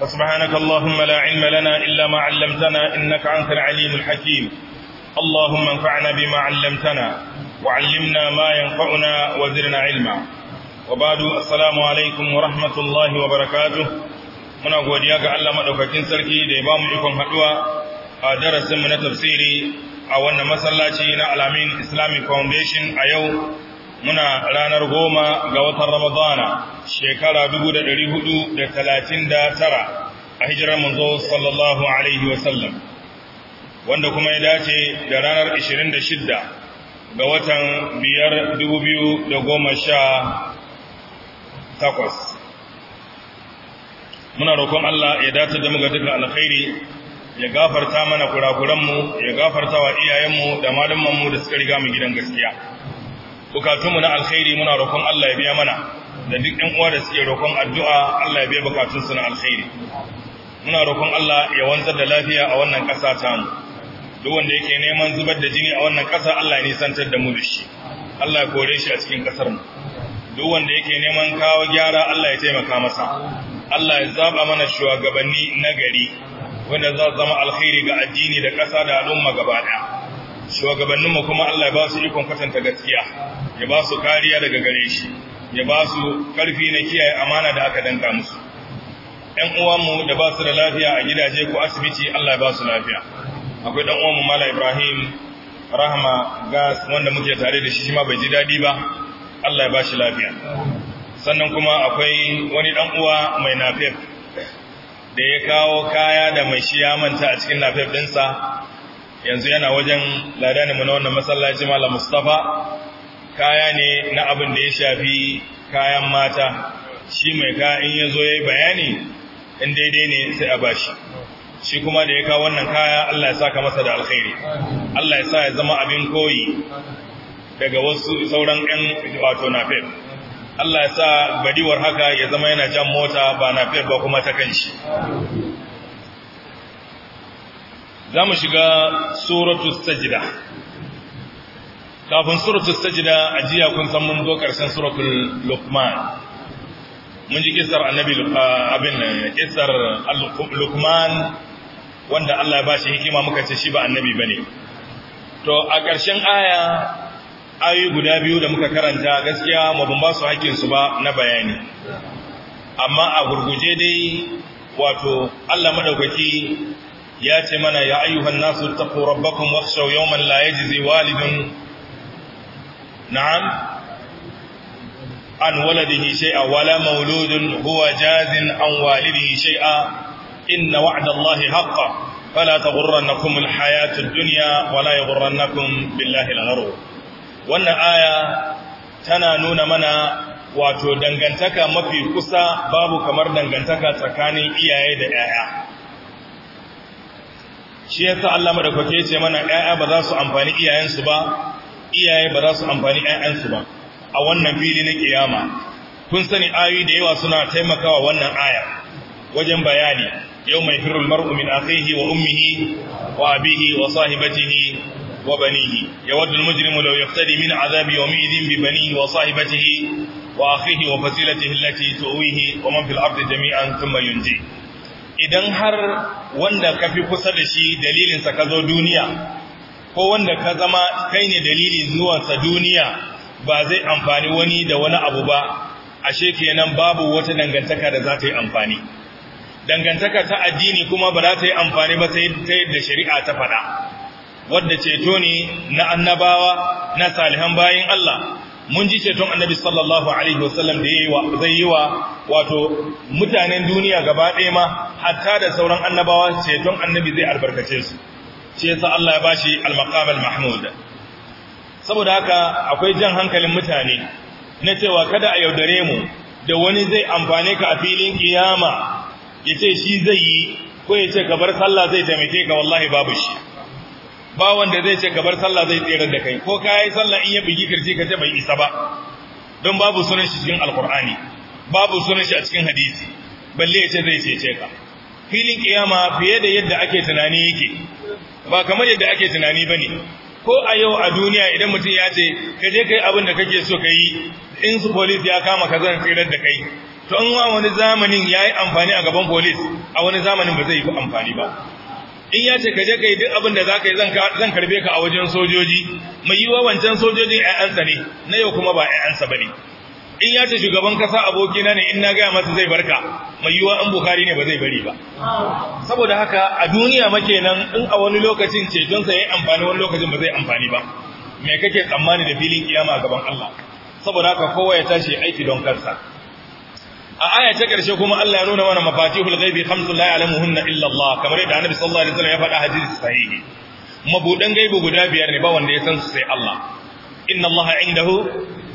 فسبحانك اللهم لا علم لنا إلا ما علمتنا إنك أنت العليم الحكيم اللهم انفعنا بما علمتنا وعلمنا ما ينفعنا وزرنا علما وبعد السلام عليكم ورحمة الله وبركاته muna godiya ga Allah madaukakin sarki da ya bamu ikon haduwa a darasin mu na tafsiri a wannan masallaci na Alamin Islamic Foundation a yau muna ranar goma ga watan Ramadana shekara 439 a hijirar manzo sallallahu alaihi wasallam wanda kuma ya dace da ranar 26 ga watan 5 2018 muna roƙon Allah ya dace da muga duka dukkan alkhairi ya gafarta mana kurakuranmu ya gafarta wa iyayenmu da malamanmu da suka riga mu gidan gaskiya bukatunmu na alkhairi muna roƙon Allah ya biya mana da duk ɗan uwa da suke roƙon addu'a Allah ya biya bukatunsu na alkhairi muna roƙon Allah ya wanzar da lafiya a wannan ƙasa ta mu duk wanda yake neman zubar da jini a wannan ƙasa Allah ya nisantar da mu da shi Allah ya kore shi a cikin ƙasar mu duk wanda yake neman kawo gyara Allah ya taimaka masa Allah ya zaɓa mana shugabanni na gari wanda za su zama alkhairi ga addini da ƙasa da al'umma gaba ɗaya shugabanninmu kuma Allah ya ba su ikon kwatanta gaskiya ya ba su kariya daga gare shi ya ba su ƙarfi na kiyaye amana da aka danka musu ‘yan uwanmu da ba su da lafiya a gidaje ko asibiti Allah ya ba su lafiya akwai ɗan uwanmu mala ibrahim rahama gas wanda muke tare da shi shi ma bai ji daɗi ba Allah ya ba shi lafiya sannan kuma akwai wani ɗan uwa mai nafef da ya kawo kaya da mai shi ya manta a cikin nafef ɗinsa yanzu yana wajen mu na wannan masallaci malam mustapha kaya ne na abin da ya shafi kayan mata shi mai kayan ya zo ya yi bayani in daidai ne sai a bashi shi kuma da ya kawo wannan kaya Allah ya saka masa da alkhairi Allah ya sa ya zama abin koyi daga wasu sauran 'yan wato nafef Allah ya sa badiwar haka ya zama yana jan mota ba nafef ba kuma ta shi. za mu shiga suratu sajida kafin suratu a ajiya kun san mun zo karshen suratul luqman mun ji kisar annabi abin kissar luqman wanda Allah ya bashi hikima muka ce shi ba annabi bane to a karshen aya ayoyi guda biyu da muka karanta gaskiya mu ban ba su hakkin su ba na bayani amma a gurguje dai wato Allah madaukaki ya ce mana ya ayyuhan nasu taqu rabbakum wakhshaw yawman la yajzi walidun na'am an waladihi shay'a wala mauludun huwa jazin an walidihi shay'a inna wa'da Allahi haqqan fala taghurrannakum alhayatu ad-dunya wala yaghurrannakum billahi al-gharur wannan aya tana nuna mana wato dangantaka mafi kusa babu kamar dangantaka tsakanin iyaye da 'ya'ya shi yasa Allah madaukake ce mana 'ya'ya ba za su amfani iyayensu ba iyaye ba za su amfani ƴaƴansu ba a wannan fili na ƙiyama. kun sani ayoyi da yawa suna taimakawa wannan aya wajen bayani Yau mai almar'u min akhihi wa ummihi wa abihi wa sahibatihi wa banihi yawaddu almujrimu law yaqtadi min adhabi yawmin bi banihi wa sahibatihi wa akhihi wa fasilatihi allati tuwihi wa man fil ardi jami'an thumma yunji idan har wanda ka fi kusa da shi dalilinsa ka zo duniya ko wanda ka zama kai ne dalili zuwansa duniya ba zai amfani wani da wani abu ba ashe kenan babu wata dangantaka da za ta yi amfani dangantaka ta addini kuma ba za ta yi amfani ba sai ta yadda shari'a ta faɗa wadda ceto ne na annabawa na salihan bayan Allah mun ji ceton annabi sallallahu alaihi wasallam da yayi wa zai yi wa wato mutanen duniya gaba ɗaya ma hatta da sauran annabawa ceton annabi zai albarkace su ce yasa Allah ya bashi al-maqam al-mahmud saboda haka akwai jan hankalin mutane na cewa kada a yaudare mu da wani zai amfane ka a filin kiyama yace shi zai yi ko yace ka bar sallah zai taimake ka wallahi babu shi ba wanda zai ce ka bar sallah zai tsere da kai ko kai sallah in ya bigi kirji ka ce bai isa ba don babu sunan shi cikin alqur'ani babu sunan shi a cikin hadisi balle yace zai cece ka filin kiyama fiye da yadda ake tunani yake ba kamar yadda ake tunani ba ne ko a yau a duniya idan mutum ya ce ka je kai abin da kake so ka yi in su polis ya kama ka zan tsirar da kai to in wa wani zamanin ya yi amfani a gaban polis a wani zamanin ba zai yi amfani ba in ya ce ka je ka duk abin da za ka yi zan karbe ka a wajen sojoji mai yiwa wancan sojojin 'ya'yansa ne na yau kuma ba 'ya'yansa ba ne in ya ce shugaban kasa abokina ne in na gaya masa zai barka mai yiwuwa an bukari ne ba zai bari ba saboda haka a duniya nan in a wani lokacin cetonsa ya yi amfani wani lokacin ba zai amfani ba me kake tsammani da filin kiyama a gaban Allah saboda haka kowa ya tashi aiki don kansa a aya ta karshe kuma Allah ya nuna mana mafatihul ghaibi khamsu la ya'lamuhunna illa Allah kamar yadda Annabi sallallahu alaihi wasallam ya faɗa hadisi sahihi mabudan gaibi guda biyar ne ba wanda ya san su sai Allah inna Allah indahu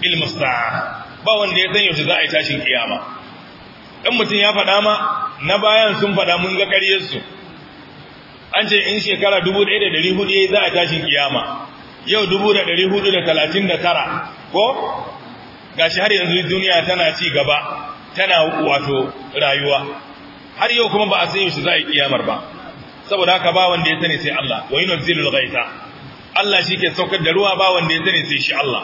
ilmus sa'a ba wanda ya san yaushe za a yi tashin kiyama in mutum ya faɗa ma na bayan sun faɗa mun ga ƙaryarsu an ce in shekara 1400 yayi za a tashin kiyama yau 1439 ko gashi har yanzu duniya tana ci gaba tana wato rayuwa har yau kuma ba a san yaushe za a yi kiyamar ba saboda haka ba wanda ya sani sai Allah wa yunzilul ghaitha Allah shi ke saukar da ruwa ba wanda ya sani sai shi Allah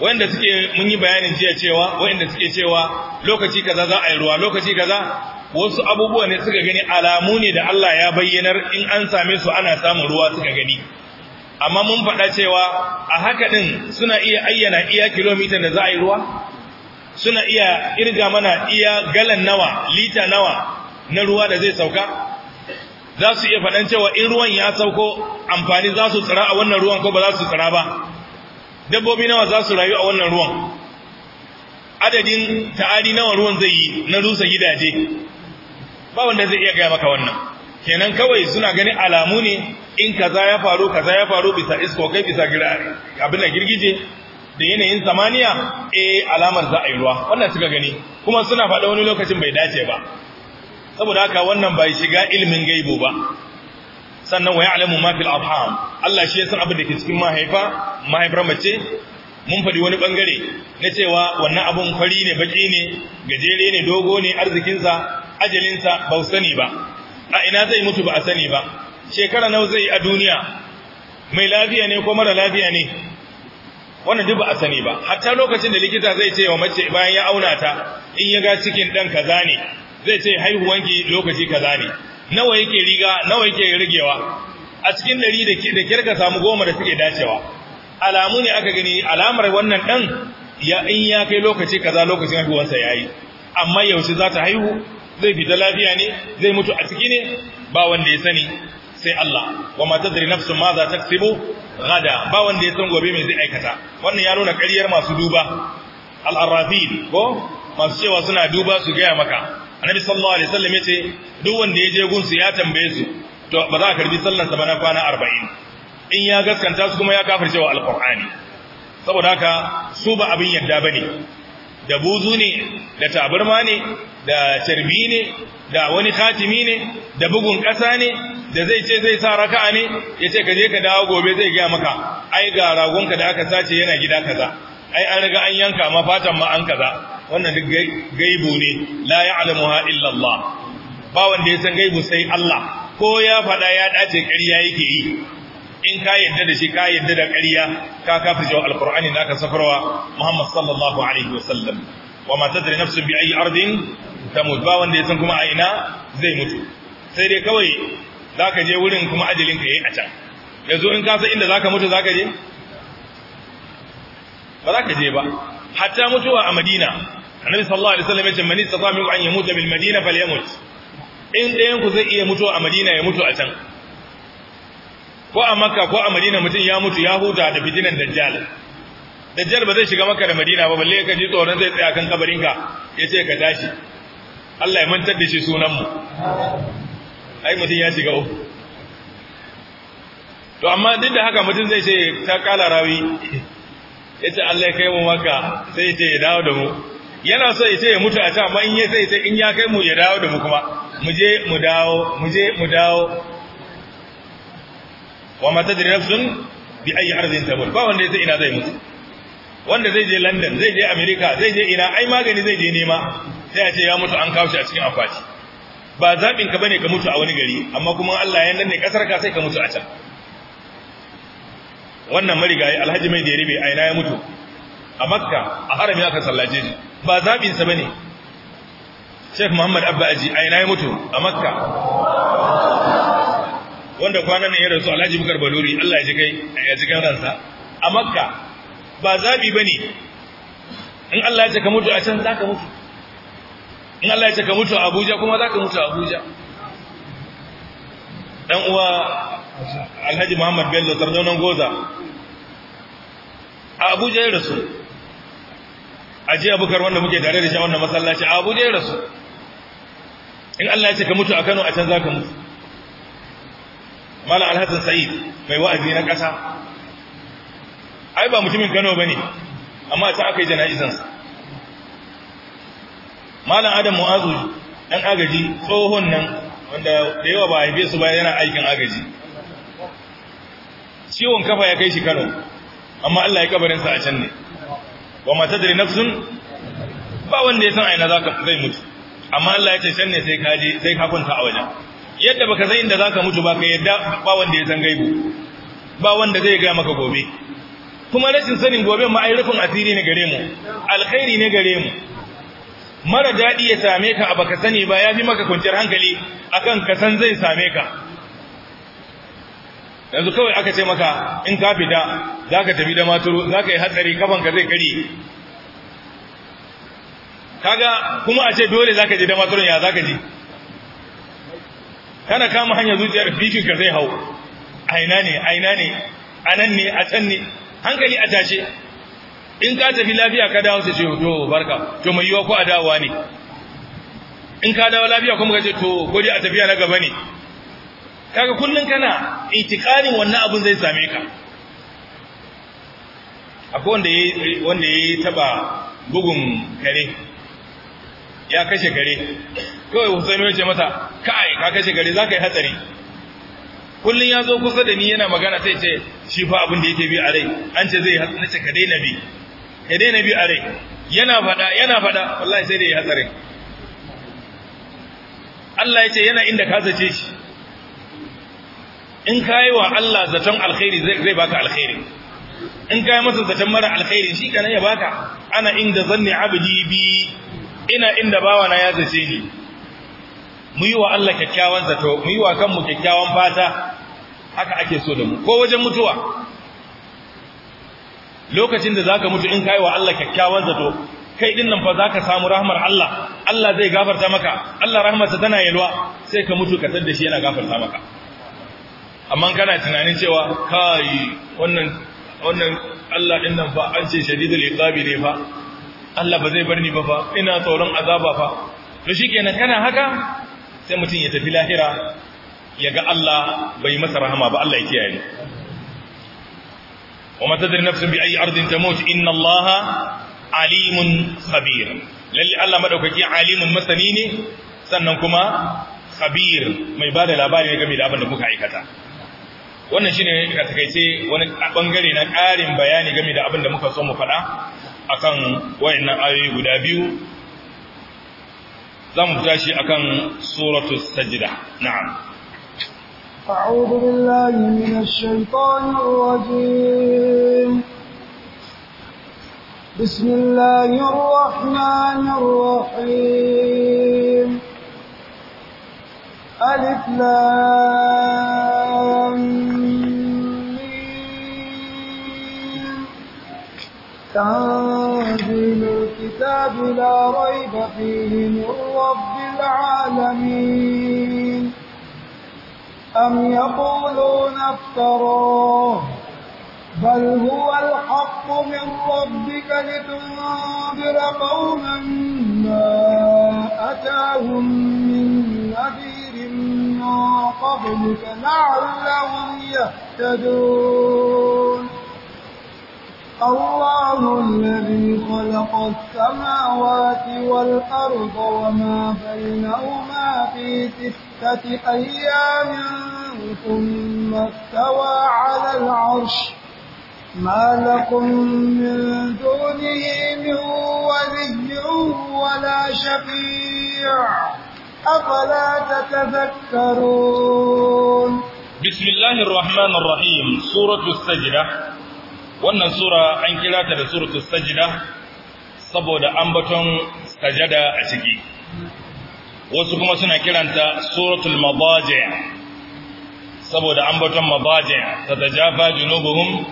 wanda suke mun yi bayanin jiya cewa wanda suke cewa lokaci kaza za a yi ruwa lokaci kaza wasu abubuwa ne suka gani alamu ne da Allah ya bayyanar in an same su ana samun ruwa suka gani amma mun faɗa cewa a haka din suna iya ayyana iya kilomita da za a yi ruwa suna iya irga mana iya galan nawa lita nawa na ruwa da zai sauka za su iya faɗan cewa in ruwan ya sauko amfani za su tsira a wannan ruwan ko ba za su tsira ba dabbobi nawa za su rayu a wannan ruwan adadin ta'adi nawa ruwan zai yi na rusa gidaje ba wanda zai iya gaya maka wannan kenan kawai suna gani alamu ne in kaza ya faru kaza ya faru bisa isko kai bisa abin da girgije da yanayin samaniya eh alamar za a yi ruwa wannan suka gani kuma suna faɗa wani lokacin bai dace ba saboda haka wannan bai shiga ilimin gaibo ba sannan wa ya'lamu ma fil arham Allah shi ya san abin da ke cikin mahaifa mahaifar mace mun faɗi wani bangare na cewa wannan abun fari ne baki ne gajere ne dogo ne arzikinsa ajalinsa ba sani ba a ina zai mutu ba a sani ba shekara nawa zai a duniya mai lafiya ne ko mara lafiya ne wannan duk ba a sani ba hatta lokacin da likita zai ce wa mace bayan ya auna ta in ya ga cikin dan kaza ne zai ce haihuwanki lokaci kaza ne nawa yake riga nawa yake rigewa a cikin dari da kyar ka samu goma da suke dacewa alamu ne aka gani alamar wannan ɗan ya in ya kai lokaci kaza lokacin haihuwansa ya yi amma yaushe za ta haihu zai fita lafiya ne zai mutu a ciki ne ba wanda ya sani sai Allah wa ma tadri nafsun ma za taksibu gada ba wanda ya san gobe me zai aikata wannan ya nuna ƙaryar masu duba al-arrafid ko masu cewa suna duba su gaya maka annabi sallallahu alaihi wasallam yace duk wanda ya je gunsu ya tambaye su to ba za a karbi sallar sa ba na kwana 40 in ya gaskanta su kuma ya kafirce wa alqur'ani saboda haka su ba abin yadda bane da buzu ne da taburma ne da tarbi ne da wani khatimi ne da bugun ƙasa ne da zai ce zai sa raka'a ne ya ce ka je ka dawo gobe zai gaya maka ai ga ragonka da aka sace yana gida kaza ai an riga an yanka ma fatan ma an kaza wannan duk gaibu ne la ya'lamuha illa Allah ba wanda ya san gaibu sai Allah ko ya faɗa ya dace ƙarya yake yi in ka yadda da shi ka yadda da ƙarya ka kafa cewa alqur'ani da ka safarwa Muhammad sallallahu alaihi wasallam wa ma tadri nafsu bi ayi ardin tamut ba wanda ya san kuma a ina zai mutu sai dai kawai zaka je wurin kuma ajalin ka yayi a can yanzu in ka san inda zaka mutu zaka je ba zaka je ba hatta mutuwa a madina annabi sallallahu alaihi wasallam ya ce man istata min an yamuta bil madina falyamut in dayan ku zai iya mutuwa a madina ya mutu a can ko a makka ko a madina mutum ya mutu ya huta da fitinan dajjal dajjal ba zai shiga makka da madina ba balle ka ji tsoron zai tsaya kan kabarinka ya ce ka tashi Allah ya mantar da shi sunanmu ai mutum ya shiga uku to amma duk da haka mutum zai ce ta kala rawi yace Allah ya kai mu maka sai yace ya dawo da mu yana so yace ya mutu a can amma in ya sai yace in ya kai mu ya dawo da mu kuma mu je mu dawo mu je mu dawo wa ma tadri nafsun bi ayi ardin tamut ba wanda yace ina zai mutu wanda zai je London zai je America zai je ina ai magani zai je nema sai a ce ya mutu an kawo shi a cikin akwati ba zabin ka bane ka mutu a wani gari amma kuma Allah ya ne kasar ka sai ka mutu a can wannan marigayi alhaji mai da ya ribe aina ya mutu a makka a ya ka sallace shi ba zaɓinsa ba ne sheikh muhammad abba aji aina ya mutu a makka wanda kwanan nan ya rasu alhaji bukar baluri allah ya ji kai ya ji ransa a makka ba zaɓi ba ne in allah ya ce ka mutu a can za ka mutu in allah ya ce ka mutu a abuja kuma za ka mutu a abuja dan uwa alhaji muhammad bello sardaunan goza a abuja ya rasu a ji abukar wanda muke tare da shi a wannan masallaci a abuja ya rasu in allah ya ce ka mutu a kano a can za ka mutu Mala alhassan sa'id mai wa'azi na ƙasa ai ba mutumin kano ba ne amma ta aka yi jana'izansa malam adam mu'azu ɗan agaji tsohon nan wanda da yawa ba haife su ba yana aikin agaji ciwon kafa ya kai shi Kano amma Allah ya kabarin sa a can ne wa ma tadri nafsun ba wanda ya san aina zaka zai mutu amma Allah ya ce can ne sai kaje sai ka kwanta a wajen yadda baka san inda zaka mutu ba ka yadda ba wanda ya san gaibu ba wanda zai ga maka gobe kuma rashin sanin gobe ma ai rufin asiri ne gare mu alkhairi ne gare mu mara daɗi ya same ka a baka sani ba ya fi maka kwanciyar hankali akan ka san zai same ka yanzu kawai aka ce maka in ka fita za ka tafi da maturu za ka yi hatsari kafanka zai kari kaga kuma a ce dole za ka je da maturun ya za ka ji kana kama hanyar zuciyar bikinka zai hau aina ne aina ne a nan ne a can ne hankali a tashe in ka tafi lafiya ka dawo sai ce to barka to mai yiwa ko a dawowa ne in ka dawo lafiya kuma ka ce to gode a tafiya na gaba ne kaga kullun kana itikarin wannan abun zai same ka akwai wanda ya wanda ya taba bugun kare ya kashe kare kawai Husainu ya ce mata, kai ka kashe kare zaka yi hatsari kullun ya zo kusa da ni yana magana sai ce shi fa abin da yake bi a rai an ce zai hatsari ce ka daina bi ka daina bi a rai yana fada yana fada wallahi sai da ya hatsari Allah ya ce yana inda ka zace shi in ka yi wa Allah zaton alkhairi zai baka alkhairi in ka yi masa zaton mara alkhairi shi kana ya baka ana inda zanni abdi bi ina inda bawana ya zace ni mu yi wa Allah kyakkyawan zato mu yi wa kanmu kyakkyawan fata haka ake so da mu ko wajen mutuwa lokacin da zaka mutu in ka yi wa Allah kyakkyawan zato kai din nan fa zaka samu rahmar Allah Allah zai gafarta maka Allah rahmarsa tana yalwa sai ka mutu ka tada shi yana gafarta maka amma kana tunanin cewa kai wannan wannan Allah din nan fa an ce shadidul iqabi ne fa Allah ba zai bar ni ba fa ina tsoron azaba fa to shikenan kana haka sai mutum ya tafi lahira ya ga Allah bai masa rahama ba Allah ya kiyaye wa ma tadri nafsun bi ayi ardin tamut inna Allah alimun khabir lalle Allah madaukaki alimun masani ne sannan kuma khabir mai bada labari ne game da abin da kuka aikata wannan shi shine a takaice wani ɓangare na ƙarin bayani game da abin da muka so mu faɗa a kan wayannan ayoyi guda biyu Za mu fita shi a kan أعوذ sajida من بسم الله الرحمن الرحيم ألف لام تنزيل الكتاب لا ريب فيه من رب العالمين أم يقولون افتراه بل هو الحق من ربك لتنذر قوما ما أتاهم من نذير من قبلك لعلهم يهتدون الله الذي خلق السماوات والأرض وما بينهما في ستة أيام ثم استوى على العرش ما لكم من دونه من ولي ولا شفيع أفلا تتذكرون بسم الله الرحمن الرحيم سورة السجدة wannan sura an kira ta da suratu sajda saboda ambaton sajada a ciki wasu kuma suna kiranta suratul mabaji saboda ambaton ta tajafa junubuhum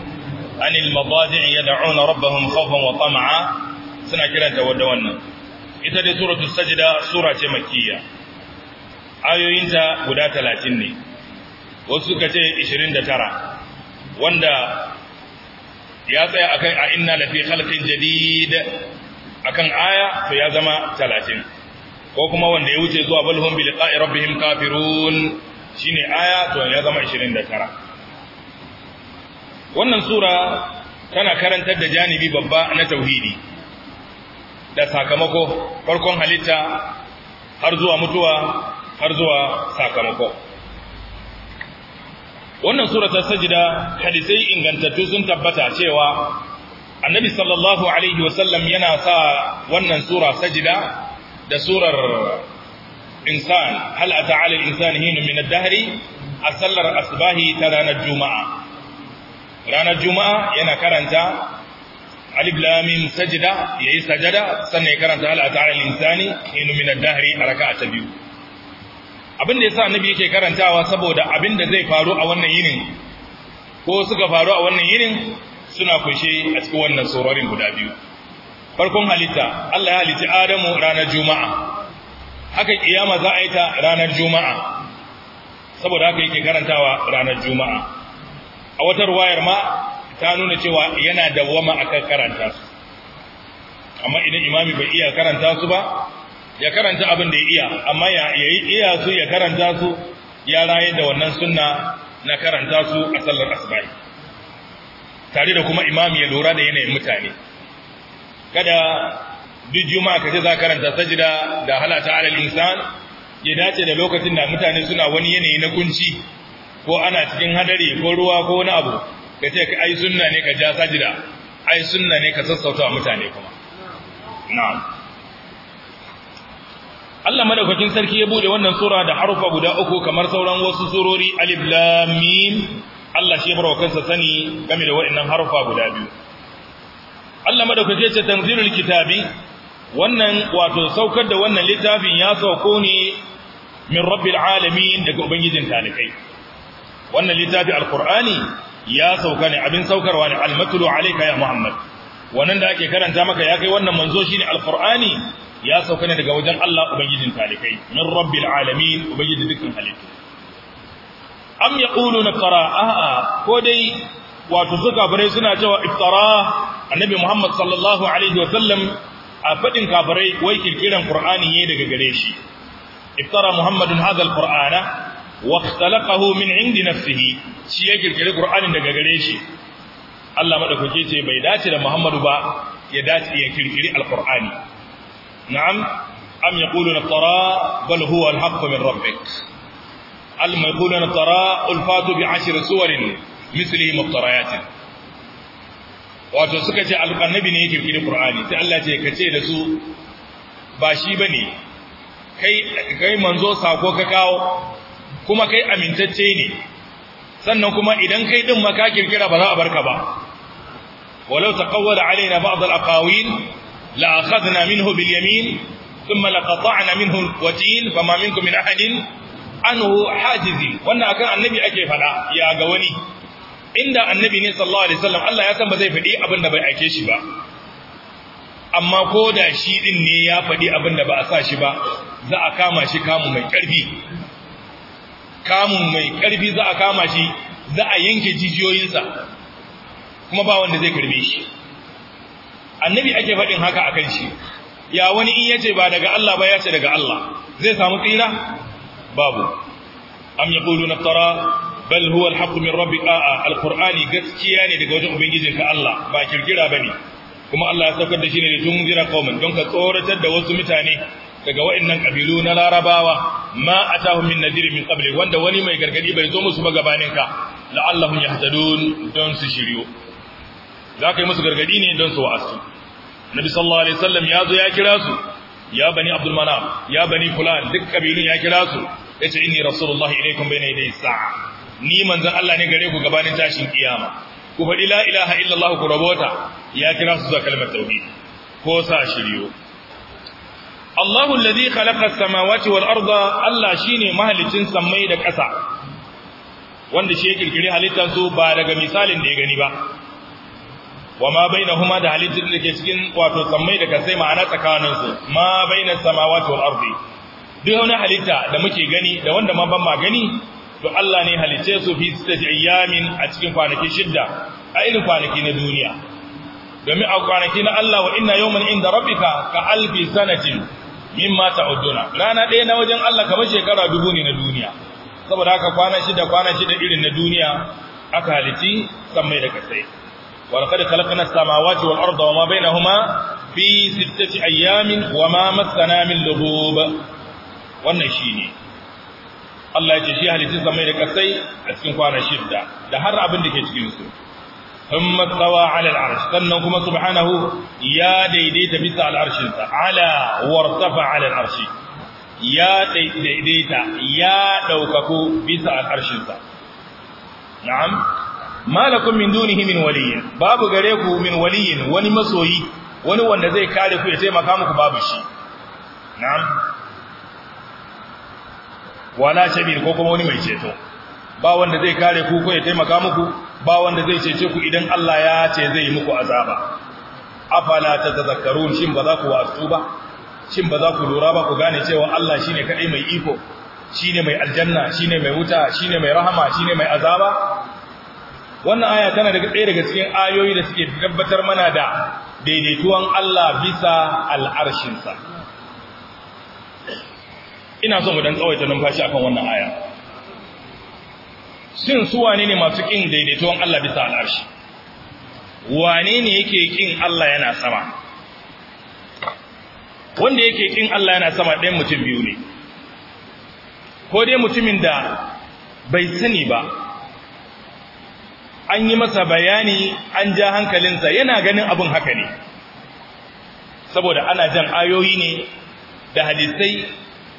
anil mabaji yad'una rabbahum khawfan wa tama'a suna kiranta wadda wannan ita dai suratul sajda sura ce makkiya ayoyinta guda 30 ne wasu suka ce 29 wanda ya tsaya akan a inna lafi khalqin jadid kan aya to ya zama talatin, ko kuma wanda ya wuce zuwa balhun bi liqa'i rabbihim kafirun shine aya to ya zama 29 wannan sura tana karantar da janibi babba na tauhidi da sakamako farkon halitta har zuwa mutuwa har zuwa sakamako wannan suratul sajda hadisai ingantattu sun tabbata cewa annabi sallallahu alaihi wasallam yana sa wannan sura sajida da surar insan hal ata al-insan min ad-dahri a sallar asbahi ta ranar juma'a ranar juma'a yana karanta alif lam mim yayi sajada sannan ya karanta hal ata ala al-insani min ad-dahri a raka'a ta biyu abin da yasa annabi yake karantawa saboda abin da zai faru a wannan yinin ko suka faru a wannan yinin suna kunshe a cikin wannan surorin guda biyu farkon halitta Allah ya halitta Adamu ranar Juma'a haka kiyama za a yi ta ranar Juma'a saboda haka yake karantawa ranar Juma'a a wata ruwayar ma ta nuna cewa yana dawwama akan karanta su amma idan imami bai iya karanta su ba ya karanta abin da ya iya amma ya yi iya su ya karanta su ya raye da wannan sunna na karanta su a sallar asubahi tare da kuma imami ya lura da yanayin mutane kada duk juma'a ce za karanta sajida da halata alal insan ya dace da lokacin da mutane suna wani yanayi na kunci ko ana cikin hadari ko ruwa ko wani abu ka ce ka ai sunna ne ka ja sajida ai sunna ne ka sassauta mutane kuma na'am Allah madaukakin sarki ya bude wannan sura da harufa guda uku kamar sauran wasu surori alif lam mim Allah shi ya wa kansa sani game da waɗannan harufa guda biyu Allah madaukake ce tanzilul kitabi wannan wato saukar da wannan littafin ya sauko ne min rabbil alamin daga ubangijin talikai wannan littafi alqur'ani ya sauka ne abin saukarwa ne almatlu alayka ya muhammad wannan da ake karanta maka ya kai wannan manzo shine alqur'ani ya sauka ne daga wajen Allah ubangijin talikai min rabbil alamin ubangijin dukkan halittu am yaquluna qara a'a ko dai wato suka bare suna cewa iftara annabi Muhammad sallallahu alaihi wa sallam a faɗin kafarai wai kirkiran Kur'ani ne daga gare shi iftara muhammadun hadha kurana wa ikhtalaquhu min indi nafsihi shi ya kirkiri qur'anin daga gare shi Allah madaukake ce bai dace da Muhammadu ba ya dace ya kirkiri alqur'ani na'am am yaquluna tara bal huwa al-haqqu min rabbik al yaquluna tara ulfatu bi ashri suwarin mislihi muftariyatin wato suka ce annabi ne yake kirkiri qur'ani sai Allah ce kace da su ba shi bane kai kai manzo sako ka kawo kuma kai amintacce ne sannan kuma idan kai din maka kirkira ba za a barka ba walau taqawwala alaina ba'd al-aqawil la akhadna minhu bil yamin thumma laqata'na minhu watin fama minkum min ahadin anhu hajizi wannan akan annabi ake faɗa, ya ga wani inda annabi ne sallallahu alaihi wasallam Allah ya san ba zai faɗi abin da bai aike shi ba amma ko da shi ɗin ne ya faɗi abin da ba a sa shi ba za a kama shi mai karfi za a kama shi za a yanke jijiyoyinsa kuma ba wanda zai karbe shi annabi ake faɗin haka kan shi ya wani in yace ba daga Allah ba ce daga Allah zai samu tsira babu am yaquluna tara bal huwa alhaq min rabbika a'a alqur'ani gaskiya ne daga wajen ubangijinka Allah ba kirkira bane kuma Allah ya saukar da shi ne da tunzira qauman don ka tsoratar da wasu mutane daga wa'annan kabilu na larabawa ma atahum min nadir min qabli wanda wani mai gargadi bai zo musu ba gabaninka la'allahum yahtadun don su shiryu za ka yi musu gargadi ne don su wa'asu. nabi sallallahu alaihi wasallam ya zo ya kira su ya bani abdul manaf ya bani fulan duk kabilun ya kira su yace inni rasulullahi ilaikum bayna yaday sa'a ni manzon Allah ne gare ku gabanin tashin kiyama ku faɗi la ilaha illallah ku rabota ya kira su zuwa kalmar tauhid ko sa shiryo Allahu alladhi khalaqa as-samawati wal arda Allah shine mahalicin sammai da ƙasa wanda shi ya kirkiri halittar su ba daga misalin da ya gani ba wa ma huma da halittar da ke cikin wato sammai da kasai ma'ana tsakanin su ma na samawati wal ardi duk wani halitta da muke gani da wanda ma ban ma gani to Allah ne halice su fi sittati ayyamin a cikin kwanaki shidda a irin kwanaki na duniya domin a kwanaki na Allah wa inna yawman inda rabbika ka alfi sanatin mimma ta'uduna rana ɗaya na wajen Allah kamar shekara dubu ne na duniya saboda haka kwana shida kwana shida irin na duniya aka halici sammai da kasai ولقد خلقنا السماوات والأرض وما بينهما في ستة أيام وما مسنا من لغوب wannan shine Allah ya ce shi halittun samai da kasai a cikin kwana shidda da har abin da ke cikin su thumma tsawa ala sannan kuma subhanahu ya daidaita bisa al-arshin sa ala wartafa ala al-arsh ya daidaita ya daukaku bisa al-arshin na'am malakum min dunihi min waliyyin babu gare ku min waliyyin wani masoyi wani wanda zai kare ku ya taimaka muku babu shi na'am wala shabir ko kuma wani mai ceto ba wanda zai kare ku ko ya taimaka muku ba wanda zai cece ku idan Allah ya ce zai muku azaba afala tatazakkarun shin ba za ku wasu ba shin ba za ku lura ba ku gane cewa Allah shine kadai mai iko shine mai aljanna shine mai wuta shine mai rahama shine mai azaba wannan aya tana daga tsaye daga cikin ayoyi da suke tabbatar mana da daidaituwan Allah bisa al'arshinsa ina so mu dan tsawaita numfashi akan wannan aya shin su wane ne masu kin daidaituwan Allah bisa al'arshi wane ne yake kin Allah yana sama wanda yake kin Allah yana sama ɗayan mutum biyu ne ko dai mutumin da bai sani ba an yi masa bayani an ja hankalinsa yana ganin abin haka ne saboda ana jan ayoyi ne da hadisai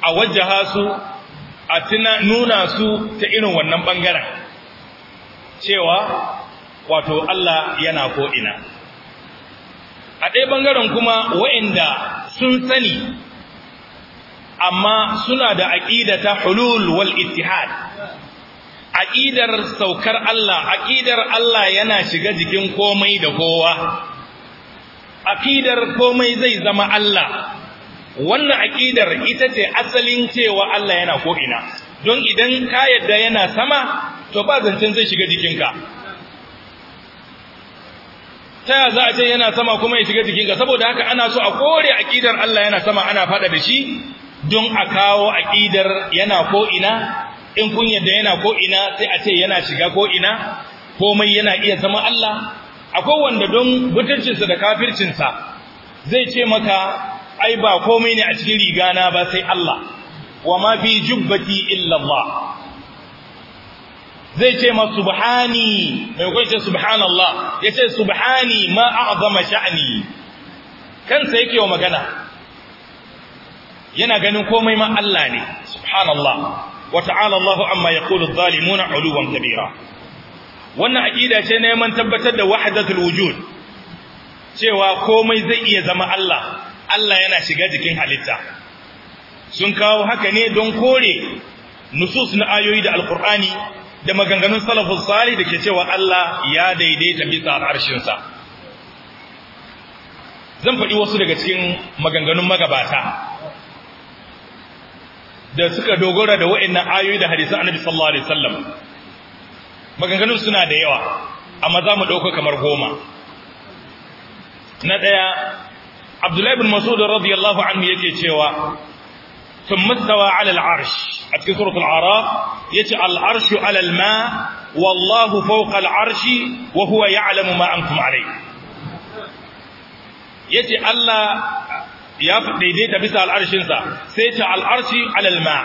a wajaha su a tuna nuna su ta irin wannan bangaren cewa wato Allah yana ko'ina a ɗaya bangaren kuma wa'inda sun sani amma suna da aƙida ta hulul wal ittihad Aƙidar saukar Allah aƙidar Allah yana shiga jikin komai da kowa aƙidar komai zai zama Allah wannan aƙidar ita ce asalin cewa Allah yana ko ina don idan ka yadda yana sama to ba zancen zai shiga jikinka ta za a ce yana sama kuma ya shiga jikinka saboda haka ana so a kore aƙidar Allah yana sama ana faɗa da shi don a kawo aƙidar yana ko'ina. in kun yadda yana ko ina sai a ce yana shiga ko ina komai yana iya zama Allah akwai wanda don butuncinsa da kafircinsa zai ce maka ai ba komai ne a cikin rigana ba sai Allah wa ma fi jubbati illa Allah zai ce ma subhani mai kwai ce subhanallah ya ce subhani ma a'zama sha'ani. kansa yake wa magana yana ganin komai ma Allah ne subhanallah wa ta'ala Allahu amma yaqulu adh-dhalimuna 'uluwan kabira wannan aqida ce neman tabbatar da wahdatul wujud cewa komai zai iya zama Allah Allah yana shiga jikin halitta sun kawo haka ne don kore nusus na ayoyi da alqur'ani da maganganun salafus salih ke cewa Allah ya daidaita bisa sa. zan faɗi wasu daga cikin maganganun magabata da suka dogara da wa'annan ayoyi da hadisan annabi sallallahu alaihi wasallam maganganun suna da yawa amma za mu ɗauka kamar goma na ɗaya abdullahi bin masud radiyallahu anhu yake cewa ثم استوى على العرش في سورة الأعراف يجعل العرش على الماء والله فوق العرش وهو يعلم ما أنتم ya ce Allah. ya daidaita bisa al'arshinsa sai ta al'arshi alalma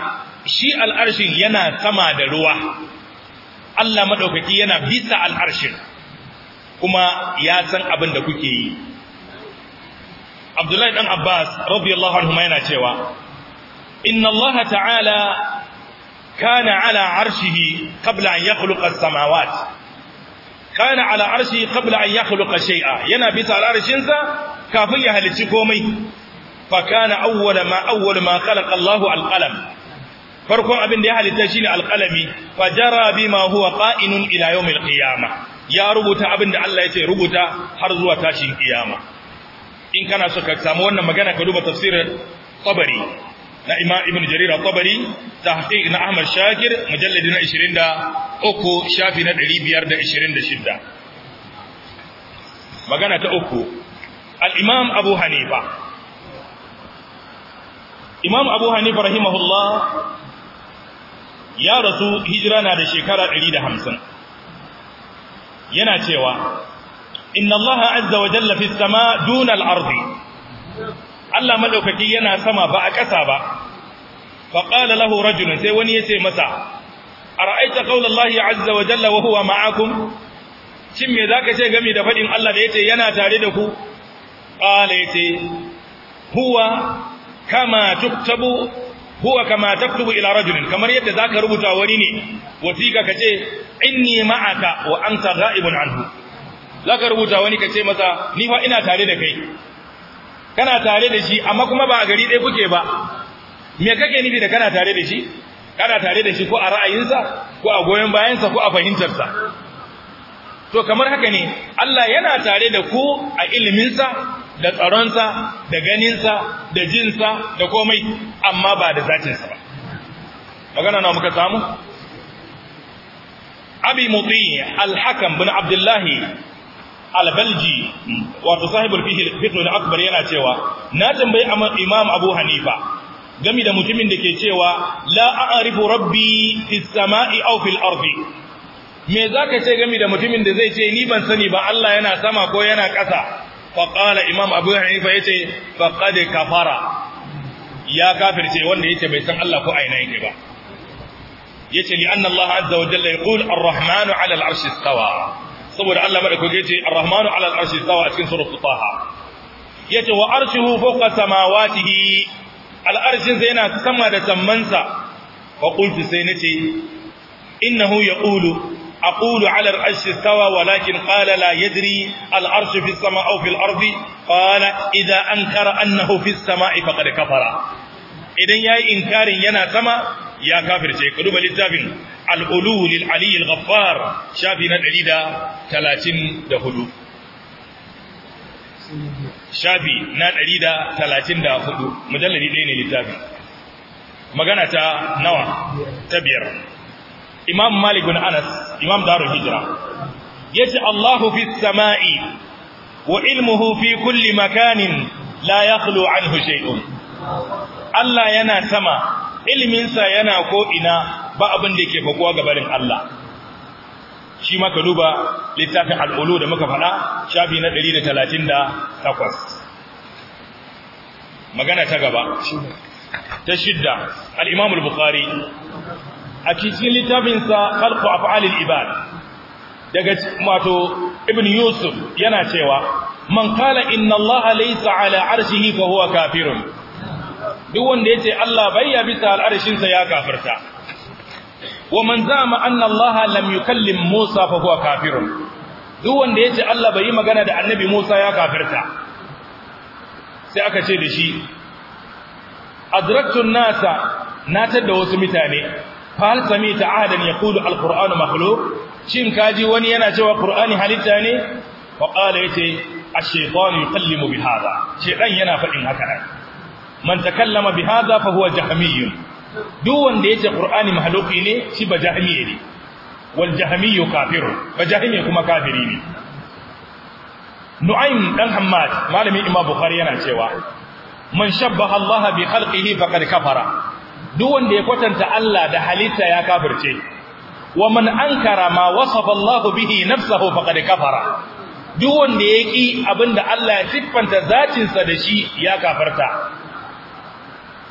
shi al'arshin yana sama da ruwa Allah maɗaukaki yana bisa al'arshin kuma ya san abin da kuke yi Abdullahi ɗan Abbas radiyallahu anhu yana cewa inna Allah ta'ala kana ala arshihi an yakhluqa as-samawati kana ala arshi qabla an yakhluqa shai'a yana bisa al'arshinsa kafin ya halicci komai fa kana awwala ma awwal ma khalaqa Allahu al farkon abin da ya halitta shi ne qalami fa jara bima ƙa'inun qa'inun ila yawmil ya rubuta abin da Allah ya ce rubuta har zuwa tashin kiyama in kana so ka wannan magana ka duba tafsirin Tabari na Imam Ibn Jarir al-Tabari tahqiq na Ahmad Shakir mujallad na 23 shafi na 526 magana ta uku al-Imam Abu Hanifa imam abu hanifa rahimahullah ya rasu hijira na da shekara 150 yana cewa inna allaha azza wa jalla fi sama duna al-ardi Allah madaukaki yana sama ba a ƙasa ba fa lahu rajulun sai wani ya ce masa ra'aita qaulallahi azza wa jalla wa huwa ma'akum shin me ka ce gami da fadin Allah da yace yana tare da ku qala huwa kama tuktabu huwa kama taktubu ila rajulin kamar yadda zaka rubuta wani ne wasiqa kace inni ma'aka wa anta ghaibun anhu zaka rubuta wani kace masa ni fa ina tare da kai kana tare da shi amma kuma ba a gari daya kuke ba me kake nufi da kana tare da shi kana tare da shi ko a ra'ayinsa ko a goyon bayansa ko a fahimtarsa to kamar haka ne Allah yana tare da ku a iliminsa da tsaronsa da ganinsa da jinsa da komai amma ba da zatinsa ba magana na muka samu abi mutsi al bin abdullahi al-balji wato sahibul fiqh akbar yana cewa na tambayi imam abu hanifa gami da mutumin da ke cewa la a'rifu rabbi fis sama'i aw fil ardi me zaka ce gami da mutumin da zai ce ni ban sani ba Allah yana sama ko yana ƙasa faƙala imam abu hanifa ya ce faƙad kafara ya kafirce wanda yake bai san Allah ko aina yake ba ya ce li'an Allah azza wa jalla ya ƙul ar-rahmanu ala arshi istawa saboda Allah maɗaukaki ya ce ar-rahmanu ala arshi istawa a cikin surat taha ya ce wa arshihu fawqa samawatihi al'arshin sa yana sama da sammansa fa qultu sai nace innahu yaqulu أقول على العرش استوى ولكن قال لا يدري العرش في السماء أو في الأرض قال إذا أنكر أنه في السماء فقد كفر إذن ياي إنكار ينا سما يا كافر شيء قدوب للتافن الألو للعلي الغفار شافنا العليدة ثلاثين دخلو shafi na 134 mujalladi ɗaya ne littafin magana ta nawa ta biyar imam malik bin anas imam hijira, hijra yace Allahu fi sama'i wa ilmuhu fi kulli makanin la yakhlu anhu shay'un Allah yana sama ilminsa yana ko ina ba abin da yake fakuwa gabarin Allah shi maka ka duba littafin al'ulu da muka faɗa shafi na 138 magana ta gaba ta shidda Al'imamul bukhari a cikin littafinsa khalqu af'alil ibad daga wato ibn yusuf yana cewa man kala inna allaha laysa ala arshihi fa huwa kafirun duk wanda yace Allah bayya bisa al'arshin ya kafirta wa man zama anna allaha lam yukallim musa fa huwa kafirun duk wanda yace Allah bai yi magana da annabi musa ya kafirta sai aka ce da shi adraktu nasa na tadda wasu mutane fa ta sami'ta ahadan yaqulu alqur'anu makhluq shin kaji wani yana cewa qur'ani halitta ne wa qala yace ash-shaytan yukallimu bi shaytan yana fadin haka ne man takallama bi fa huwa jahmiy duk wanda yace qur'ani makhluqi ne shi ba jahmiy ne wal jahmiy kafirun ba jahmiy kuma kafiri ne nu'aym dan hammad malamin imam bukhari yana cewa man shabbaha allaha bi khalqihi faqad kafara duk wanda ya kwatanta Allah da halitta ya kafirce wa man ankara ma wasafa Allah bihi nafsuhu faqad kafara duk wanda ya ki abinda Allah ya siffanta zatin sa da shi ya kafarta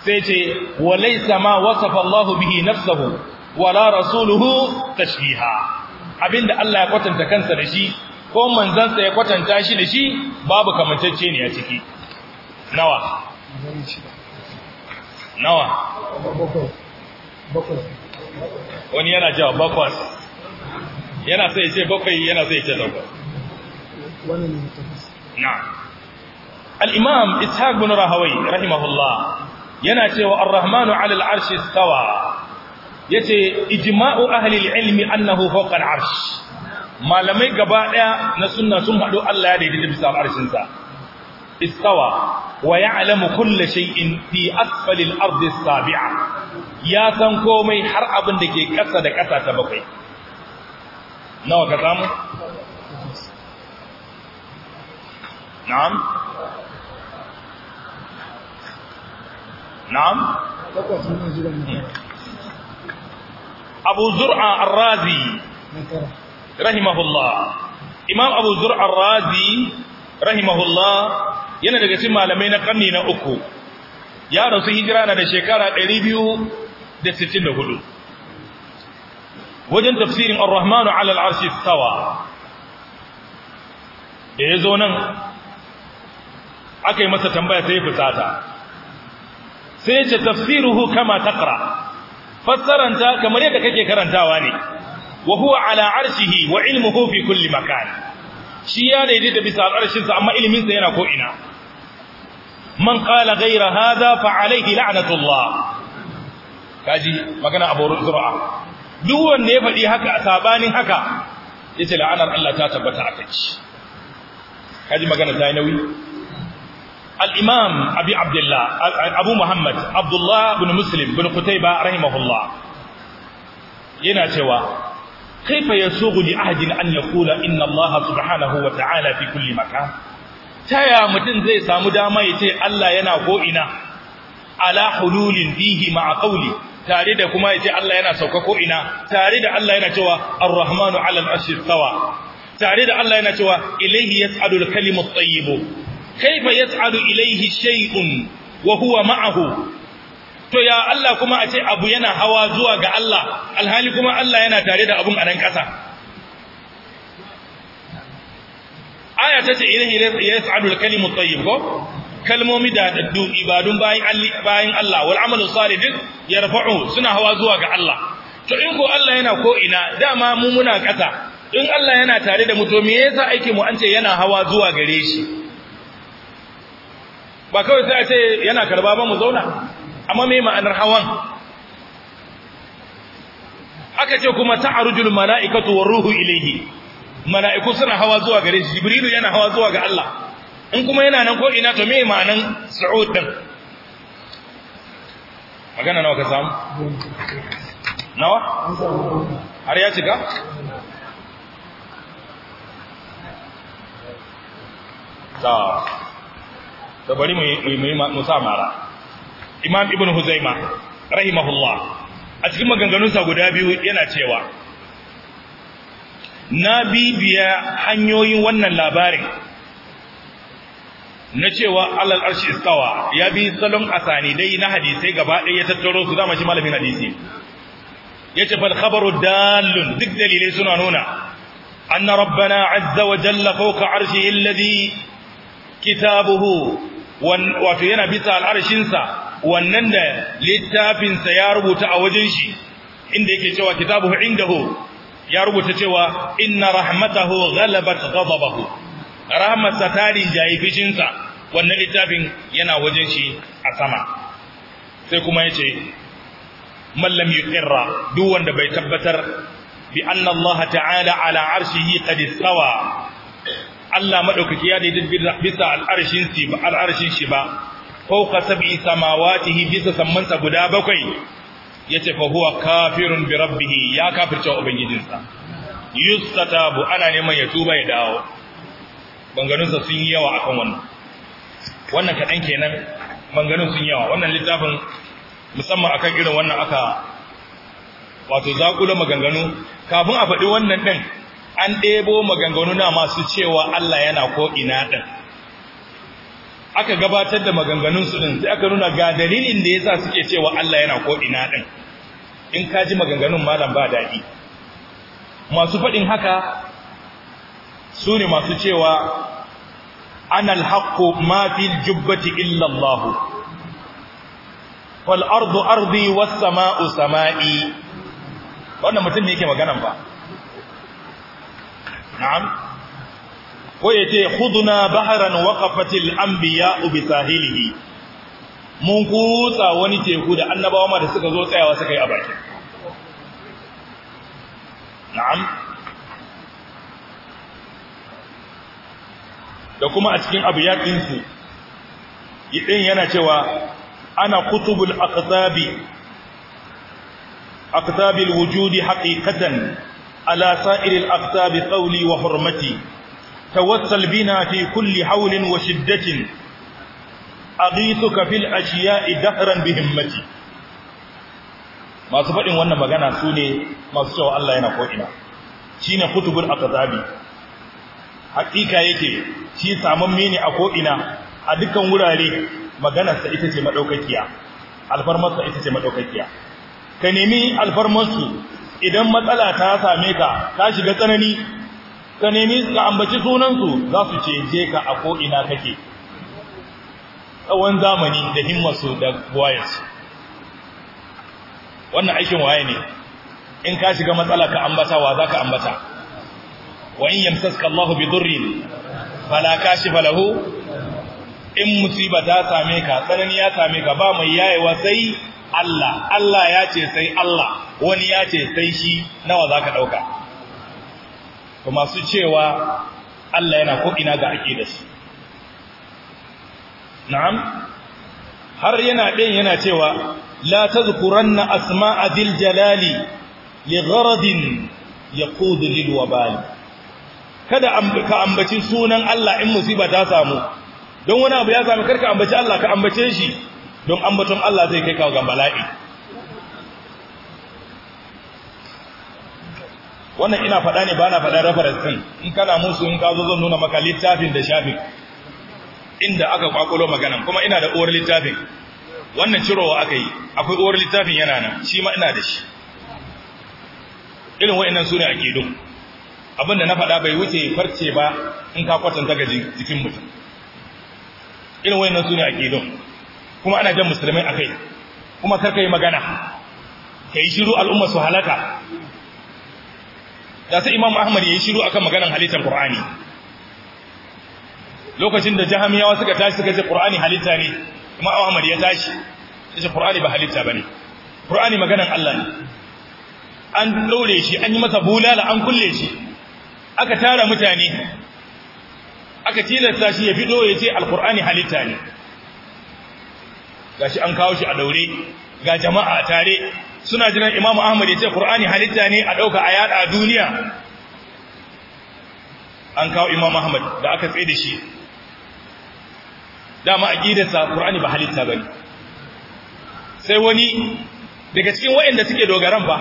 sai ce wa laysa ma wasafa Allah bihi nafsahu wala rasuluhu tashbiha abinda Allah ya kwatanta kansa da shi ko manzansa ya kwatanta shi da shi babu kamantacce ne a ciki nawa nawa wani yana cewa bakwas yana sai ce bakwai yana sai ce takwas na al-imam ishaq bin rahawai rahimahullah yana cewa ar-rahmanu 'ala arshi istawa yace ijma'u ahli al-ilmi annahu fawqa arsh malamai gaba ɗaya na sunna sun hadu Allah ya daidaita bisa arshinsa istawa wa ya'lamu kulla shay'in fi asfali al-ardi as-sabi'a ya san komai har abin da ke ƙasa da ƙasa ta bakwai nawa ka samu na'am na'am abu zur'a ar-razi rahimahullah imam abu zur'a ar-razi rahimahullah yana daga cikin malamai na karni na uku ya rasu hijira na da shekara 264 wajen tafsirin ar-rahmanu ala al-arshi stawa da ya zo nan aka yi masa tambaya sai yi fusata sai ya ce tafsiruhu kama fassaranta kamar yadda kake karantawa ne wa huwa ala arshihi wa ilmuhu fi kulli makan shi ya da bisa al'arshin sa amma iliminsa yana ko'ina. man kala gaira haza fa la'anatullah. la'natullah kaji magana abu zur'a duk wanda ya faɗi haka a sabanin haka yace la'anar Allah ta tabbata a kai kaji magana ta nauyi الإمام أبي عبد الله أبو محمد عبد الله بن مسلم بن قتيبة رحمه الله kaifa yasugu li ahadin an yaqula inna Allah subhanahu wa ta'ala fi kulli makan taya mutum zai samu dama ya ce Allah yana ko'ina? ala hululin bihi ma'a qawli tare da kuma yace Allah yana sauka ko'ina? ina tare da Allah yana cewa ar-rahmanu 'ala al-'arshi tare da Allah yana cewa ilayhi yas'adu al-kalimu at-tayyib kaifa yas'adu ilayhi shay'un wa huwa ma'ahu to ya Allah kuma a ce abu yana hawa zuwa ga Allah alhali kuma Allah yana tare da abun a nan ƙasa aya ta ce ilahi yas'adul kalimut tayyib ko kalmomi da daddu ibadun bayan Allah wal amalu ya yarfa'u suna hawa zuwa ga Allah to in ko Allah yana ko ina dama mu muna ƙasa in Allah yana tare da mu to me yasa aikin mu an ce yana hawa zuwa gare shi ba kawai sai a ce yana karba ba mu zauna amma me ma'anar hawan aka ce kuma ta'arujul mala'ikatu wa ruhu ilayhi mala'iku suna hawa zuwa gare shi jibrilu yana hawa zuwa ga Allah in kuma yana nan ko ina to me ma'anan su'ud din magana nawa ka samu nawa har ya cika ta bari mu yi mu sa mara imam ibn huzaima rahimahullah a cikin maganganunsa guda biyu yana cewa na bibiya hanyoyin wannan labarin na cewa alal arshi istawa ya bi salon asanidai na hadisai gaba ɗaya ya tattaro su zama shi malamin hadisi ya ce fal khabaru dallun duk dalilai suna nuna anna rabbana azza wa jalla fawqa arshihi alladhi kitabuhu wato yana bisa al'arshinsa wannan da littafinsa ya rubuta a wajen shi inda yake cewa kitabuhu indahu ya rubuta cewa inna rahmatahu ghalabat ghadabahu rahmatsa ta rinjayi fishinsa wannan littafin yana wajen shi a sama sai kuma yace mallam yuqirra duk wanda bai tabbatar bi anna ta'ala ala arshihi qad istawa Allah madaukaki ya daidai bisa al'arshin shi ba shi ba fawqa sab'i samawatihi bisa sammansa guda bakwai yace fa huwa kafirun bi rabbih ya kafirce ubangijinsa yustatabu ana neman ya tuba ya dawo sa sun yi yawa akan wannan wannan kadan kenan banganun sun yawa wannan littafin musamman akan irin wannan aka wato zakula maganganu kafin a faɗi wannan din an ɗebo maganganu na masu cewa Allah yana ko ina din aka gabatar da maganganunsu ɗin sai aka nuna ga dalilin da yasa suke cewa Allah yana ko'ina ina in ka ji maganganun malam ba daɗi. masu faɗin haka su ne masu cewa anal alhaqqu ma fil jubbati illallahu, Allah wal ardu ardi was sama'i wannan mutum ne yake maganan ba na'am ko ya ce khudna baharan waqafatil anbiya'u bi sahilihi mun kutsa wani teku da annabawa ma da suka zo tsayawa suka yi a bakin na'am da kuma a cikin abu yaƙinsu ɗin yana cewa ana kutubul aksabi aksabil wujudi haƙiƙatan ala sa'iril aksabi ƙauli wa hurmati توسل بنا في كل حول وشدة أغيثك في الأشياء دهرا بهمتي masu faɗin wannan magana su ne masu cewa Allah yana ko'ina shi ne kutubul akazabi haƙiƙa yake shi saman mini a ko'ina a dukkan wurare maganarsa ita ce maɗaukakiya alfarmarsa ita ce maɗaukakiya ka nemi alfarmarsu idan matsala ta same ka ta shiga tsanani ka nemi ka ambaci sunansu za su cije ka a ko'ina kake tsawon zamani da himmarsu da buwayarsu wannan aikin waye ne in ka shiga matsala ka ambata wa za ka ambata wa in yamsaska Allahu bi durri fala kashi falahu in musiba ta same ka tsanani ya same ka ba mai yayewa sai Allah Allah ya ce sai Allah wani ya ce sai shi nawa za ka ɗauka ga masu cewa Allah yana ko'ina ga da su. na'am har yana ɗin yana cewa la ta zukuranna asma'a dil jalali li gharadin ya kudu bali. kada ka ambaci sunan Allah in musiba ta samu don wani abu ya sami karka ambaci Allah ka ambace shi don ambaton Allah zai kai kawo ga bala'i wannan ina faɗa ne ba na faɗa reference ɗin in kana musu in ka zo zan nuna maka littafin da shafin inda aka kwakulo magana. kuma ina da uwar littafin wannan cirowa aka yi akwai uwar littafin yana nan shi ma ina da shi irin wa'annan su ne a kedun abinda na faɗa bai wuce farce ba in ka kwatanta ga jikin mutum irin wa'annan su ne a kedun kuma ana jan musulmai a kai kuma ka yi magana ka yi shiru al'umma su halaka da ta imam ahmad yayi shiru akan maganar halittar qur'ani lokacin da jahamiyawa suka tashi suka ce qur'ani halitta ne kuma ahmad ya tashi ya ce qur'ani ba halitta bane qur'ani maganar Allah ne an dore shi an yi masa bulala an kulle shi aka tara mutane aka tilasta shi ya fito ya ce alqur'ani halitta ne gashi an kawo shi a daure ga jama'a tare suna jiran imamu ahmad ya ce Kur'ani halitta ne a dauka a yada duniya an kawo imamu ahmad da aka tsaye da shi dama a gidansa Kur'ani ba halitta ba sai wani daga cikin waɗanda suke dogaran ba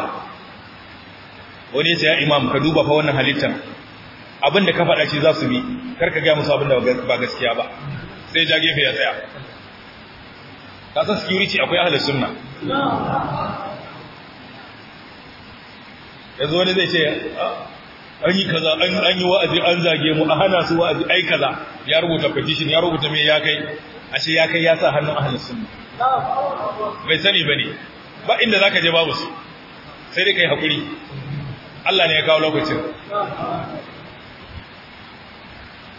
wani ya imam ka duba fa wannan halittar abin da ka faɗa shi za su bi karka ka gaya musu abin da ba gaskiya ba sai ja gefe ya tsaya kasan security akwai ahalar sunna yanzu wani zai ce ah, an yi kaza an yi wa'azi an zage mu a hana su wa'azi ai kaza ya rubuta petition ya rubuta me ya kai ashe ya kai ya sa hannun ahlus sunna bai sani bane ba inda zaka je babu su sai dai kai hakuri Allah ne ya kawo lokacin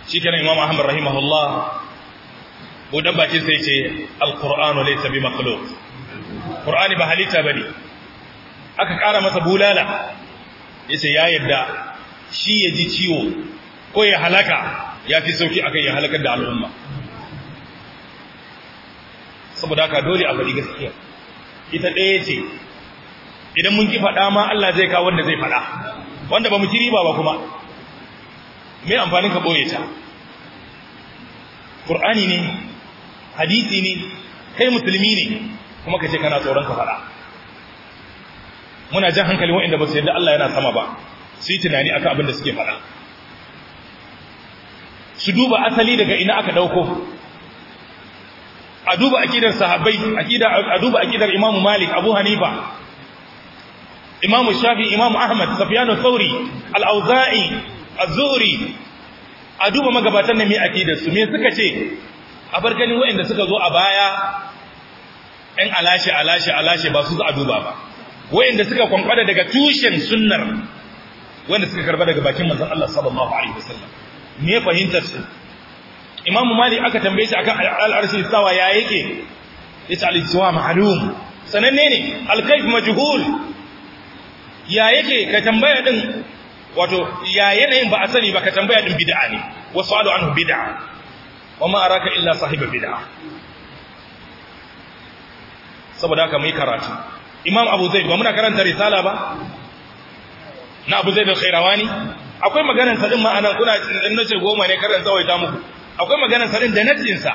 shikenan Imam Ahmad rahimahullah budan bakin sai ce alqur'anu laysa bi makhluq qur'ani ba halitta bane aka kara masa bulala yace ya yadda shi ya ji ciwo ko ya halaka ya fi sauki akan ya halakar da al'umma saboda ka dole a faɗi gaskiya ita ɗaya ce idan mun ki faɗa ma Allah zai kawo wanda zai faɗa wanda ba mu ci riba ba kuma me amfanin ka boye ta Qur'ani ne hadisi ne kai musulmi ne kuma kace kana tsoron ka faɗa muna jan hankali wa'anda ba su yadda Allah yana sama ba su yi tunani akan abin da suke faɗa su duba asali daga ina aka dauko a duba akidar sahabbai a duba akidar imamu Malik Abu Hanifa Imam Shafi imamu Ahmad Safiyanu Sa'uri, al-Auza'i az a duba magabatan ne me akidar su me suka ce a bar ganin waɗanda suka zo a baya yan alashi alashi alashi ba su za a duba ba wayanda suka kwankwada daga tushen sunnar wayanda suka karba daga bakin manzon Allah sallallahu alaihi wasallam me fahimtar su Imam Malik aka tambaye shi akan al-arshi tsawa ya yake yace al-istiwa ma'lum sananne ne al-kayf majhul ya yake ka tambaya din wato ya yanayin ba a sani ba ka tambaya din bid'a ne wasu alu anhu bid'a wa ma araka illa sahiba bid'a saboda haka mai karatu imam abu zaid ba muna karanta risala ba na abu zaid al-khairawani akwai maganar sa din ma'anan kuna in nace goma ne karan ta muku akwai maganar din da nadin sa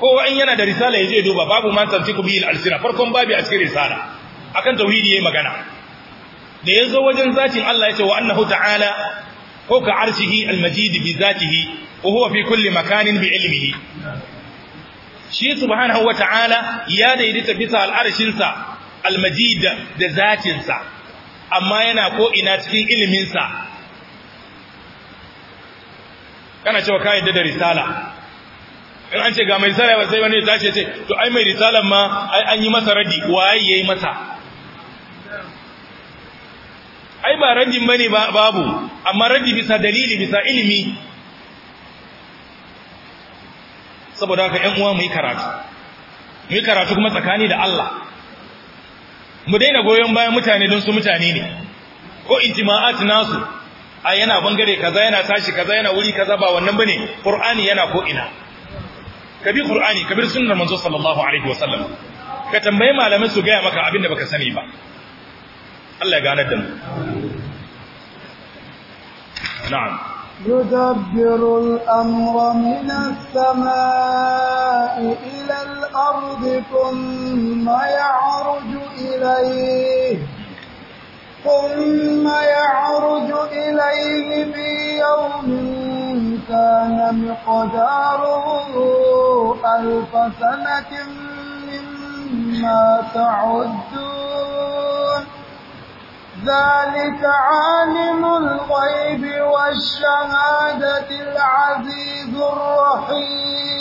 kowa in yana da risala yaje duba babu man tantiku bil alsina farkon babu a cikin risala akan tauhidi yayi magana da yazo wajen zatin Allah yace wa annahu ta'ala fawqa arshihi almajid bi zatihi wa huwa fi kulli makanin bi ilmihi shi subhanahu wa ta'ala ya daidaita bisa al'arshinsa almajid da zatinsa amma yana ko ina cikin iliminsa kana cewa ka yadda da risala in an ce ga mai risala ba sai wani ya tashi ce to ai mai risalan ma ai an yi masa radi waye yayi masa ai ba radin bane babu amma radi bisa dalili bisa ilimi saboda haka ƴan uwa mu yi karatu mu yi karatu kuma tsakani da Allah mu daina goyon bayan mutane don su mutane ne ko intima'at nasu a yana bangare kaza yana tashi kaza yana wuri kaza ba wannan bane qur'ani yana ko ina bi qur'ani bi sunnar manzo sallallahu alaihi wasallam ka tambaye malamai su gaya maka abin da baka sani ba Allah ya ganar da mu na'am يدبر الأمر من السماء إلى الأرض ثم يعرج إليه ثم يعرج إليه في يوم كان مقداره ألف سنة مما تعدون ذلك عالم الغيب والشهادة العزيز الرحيم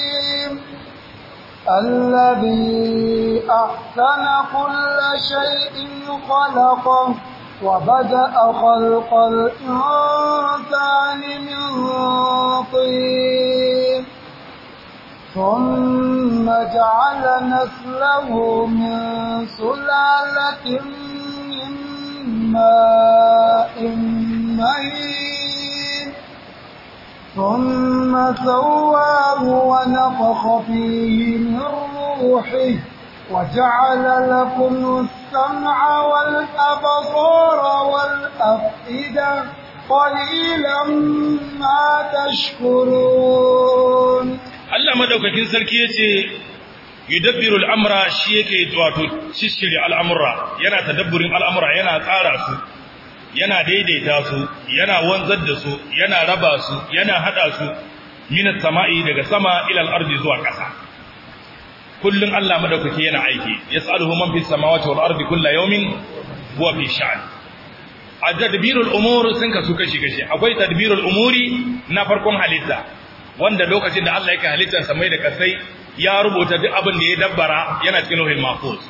الذي أحسن كل شيء خلقه وبدأ خلق الإنسان من طين ثم جعل نسله من سلالة من ماء مهين ثم سواه ونفخ فيه من روحه وجعل لكم السمع والأبصار والأفئدة قليلا ما تشكرون Allah madaukakin sarki yace yudabbiru al'amra shi yake wato shishiri al'amura yana tadabburin al'amura yana tsara su yana daidaita su yana wanzar da su yana raba su yana hada su minas sama'i daga sama ila al-ardi zuwa ƙasa kullun Allah madaukake yana aiki yas'aluhu man fis samawati wal ardi kullu yawmin huwa fi sha'n at umur sun kasu kashi kashi akwai tadbirul umuri na farkon halitta wanda lokacin da Allah yake halittar samai da kasai ya rubuta duk abin da ya dabbara yana cikin lauhin mahfuz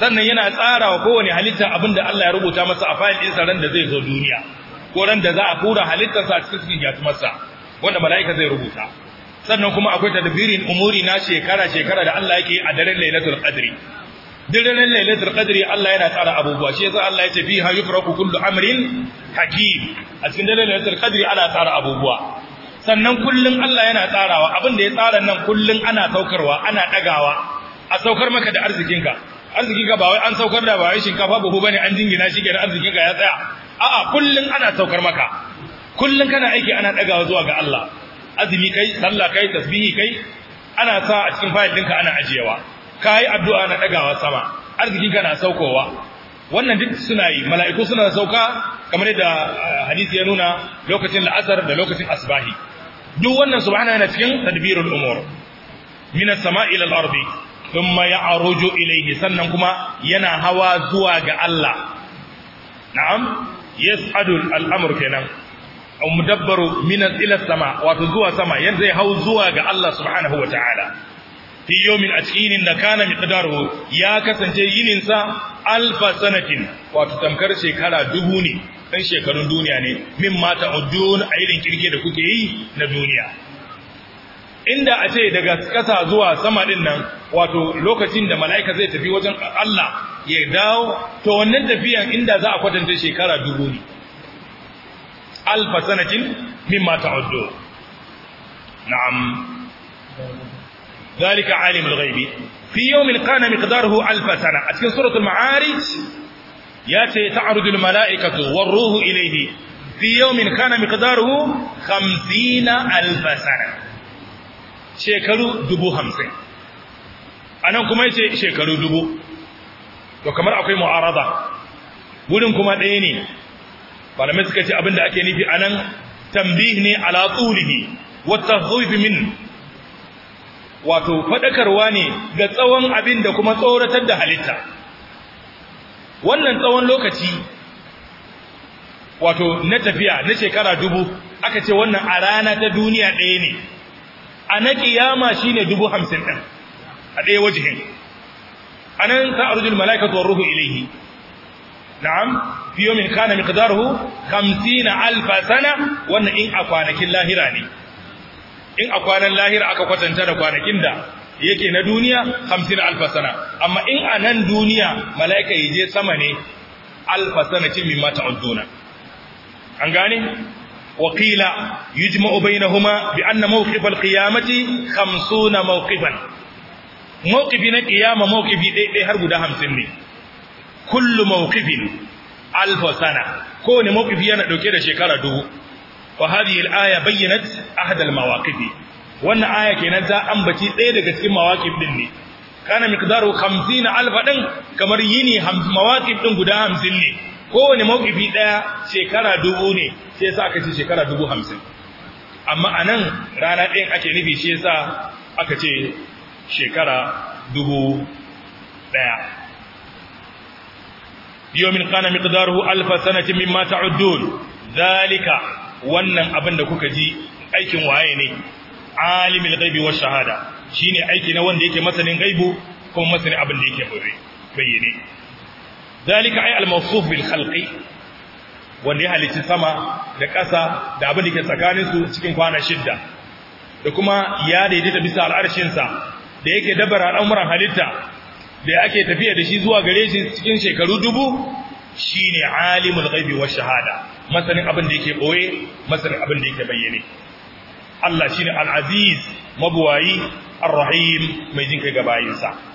sannan yana tsara wa kowane halitta abin da Allah ya rubuta masa a fayil ɗinsa ran da zai zo duniya ko ran da za a kura halittarsa a cikin masa, wanda mala'ika zai rubuta sannan kuma akwai tadbirin umuri na shekara shekara da Allah yake a daren lailatul qadri daren lailatul qadri Allah yana tsara abubuwa shi yasa Allah ya ce fiha yufraku kullu amrin hakim a cikin daren lailatul qadri ana tsara abubuwa sannan kullun Allah yana tsarawa abin da ya tsara nan kullun ana saukarwa ana dagawa a saukar maka da arzikinka arzikin ka ba wai an saukar da ba wai shinkafa buhu bane an jingina shi ke arzikin ka ya tsaya a'a kullun ana saukar maka kullun kana aiki ana dagawa zuwa ga Allah azumi kai sallah kai tasbihi kai ana sa a cikin fayil ɗinka ana ajiyewa kai addu'a na dagawa sama arzikin ka na saukowa wannan duk suna yi mala'iku suna sauka kamar yadda eh, hadisi ya nuna lokacin la'asar da lokacin asbahi duk wannan subhanahu yana cikin tadbirul umur minas sama ila al-ardi thumma ya'ruju ilayhi sannan kuma yana hawa zuwa ga Allah na'am yas'adu al-amr kenan aw mudabbaru min ila sama wato zuwa sama yanzu ya hau zuwa ga Allah subhanahu wataala fi yawmin atqinin da kana ya kasance yinin sa alfa sanatin wato tamkar shekara dubu ne dan shekarun duniya ne min mata udun a irin da kuke yi na duniya inda a ce daga ƙasa zuwa sama ɗinnan, nan wato lokacin da mala'ika zai tafi wajen Allah ya dawo to wannan tafiyan inda za a kwatanta shekara dubu ne alfa min mimma ta'uddu na'am zalika alimul ghaibi fi min kana miqdaruhu alfa sana a cikin suratul ma'arij ya ce ta'rudul mala'ikatu waruhu ilayhi fi min kana miqdaruhu 50 alfa sana shekaru dubu hamsin a nan kuma yace shekaru dubu to kamar akwai mu'arada wurin kuma ɗaya ne malamai suka ce abinda ake nufi a nan tambih ne ala tsulihi wata min wato faɗakarwa ne ga tsawon abin da kuma tsoratar da halitta wannan tsawon lokaci wato na tafiya na shekara dubu aka ce wannan a rana ta duniya ɗaya ne a na kiyama shine dubu hamsin ɗin, a ɗaya wajihin nan sa'arujul malaikatu mala'ikatuwar ruhu ilayhi na'am fi yawmin kana miqdaruhu 50000 sana wannan in a kwanakin lahira ne in a kwanan lahira aka kwatanta da kwanakin da yake na duniya 50000 sana amma in a nan duniya malaika yaje sama ne alfa sana ce mimma ta'uduna an gane وقيل يجمع بينهما بأن موقف القيامة خمسون موقفا موقف القيامة موقف دي هر غدا 50 كل موقف ألف سنة كون موقف yana ɗauke da shekara dubu wa aya bayyinat ahad al wannan aya kenan ta ambaci ɗaya daga cikin mawaqif din ne kana miqdaru 50 alfa ɗin kamar yini mawaqif ɗin guda 50 ne kowane mawqifi ɗaya shekara dubu ne sai sa aka ce shekara dubu hamsin amma a nan rana ɗayan ake nufi shi sa aka ce shekara dubu daya yawmin kana miqdaruhu alfa sanatin mata ta'uddun zalika wannan abin da kuka ji aikin waye ne alimil gaibi wa shahada ne aiki na wanda yake masanin gaibu kuma masanin abin da yake bayyane dalika ai al-mawsuf bil khalqi wanda ya halicci sama da ƙasa da abin da ke tsakanin su cikin kwana shidda da kuma ya daidaita bisa al'arshin sa da yake dabara al'amuran halitta da ake tafiya da shi zuwa gare shi cikin shekaru dubu shine alimul ghaibi wash shahada masanin abin da yake boye masanin abin da yake bayyane Allah shine al-aziz mabuwayi ar-rahim mai jinkai ga bayinsa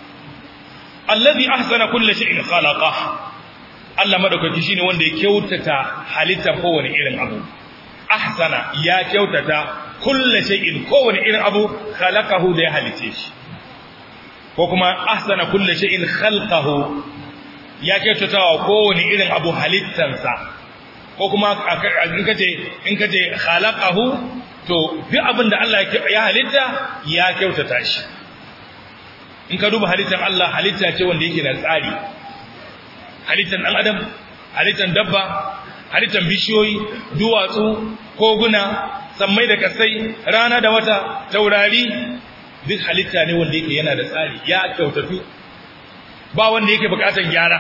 allazi ahsana kulli shay'in khalaqa Allah madaukaki shine wanda ya kyautata halittar kowane irin abu ahsana ya kyautata kulli shay'in kowane irin abu khalaqahu da ya halice shi ko kuma ahsana kulli shay'in khalqahu ya kyautata wa kowane irin abu halittansa ko kuma in kace in kace khalaqahu to duk abin da Allah ya halitta ya kyautata shi in ka duba halittar Allah halitta ce wanda yake da tsari halittar ɗan adam halittar dabba halittar bishiyoyi duwatsu koguna sammai da kasai rana da wata taurari duk halitta ne wanda yake yana da tsari ya kyautatu ba wanda yake bukatar gyara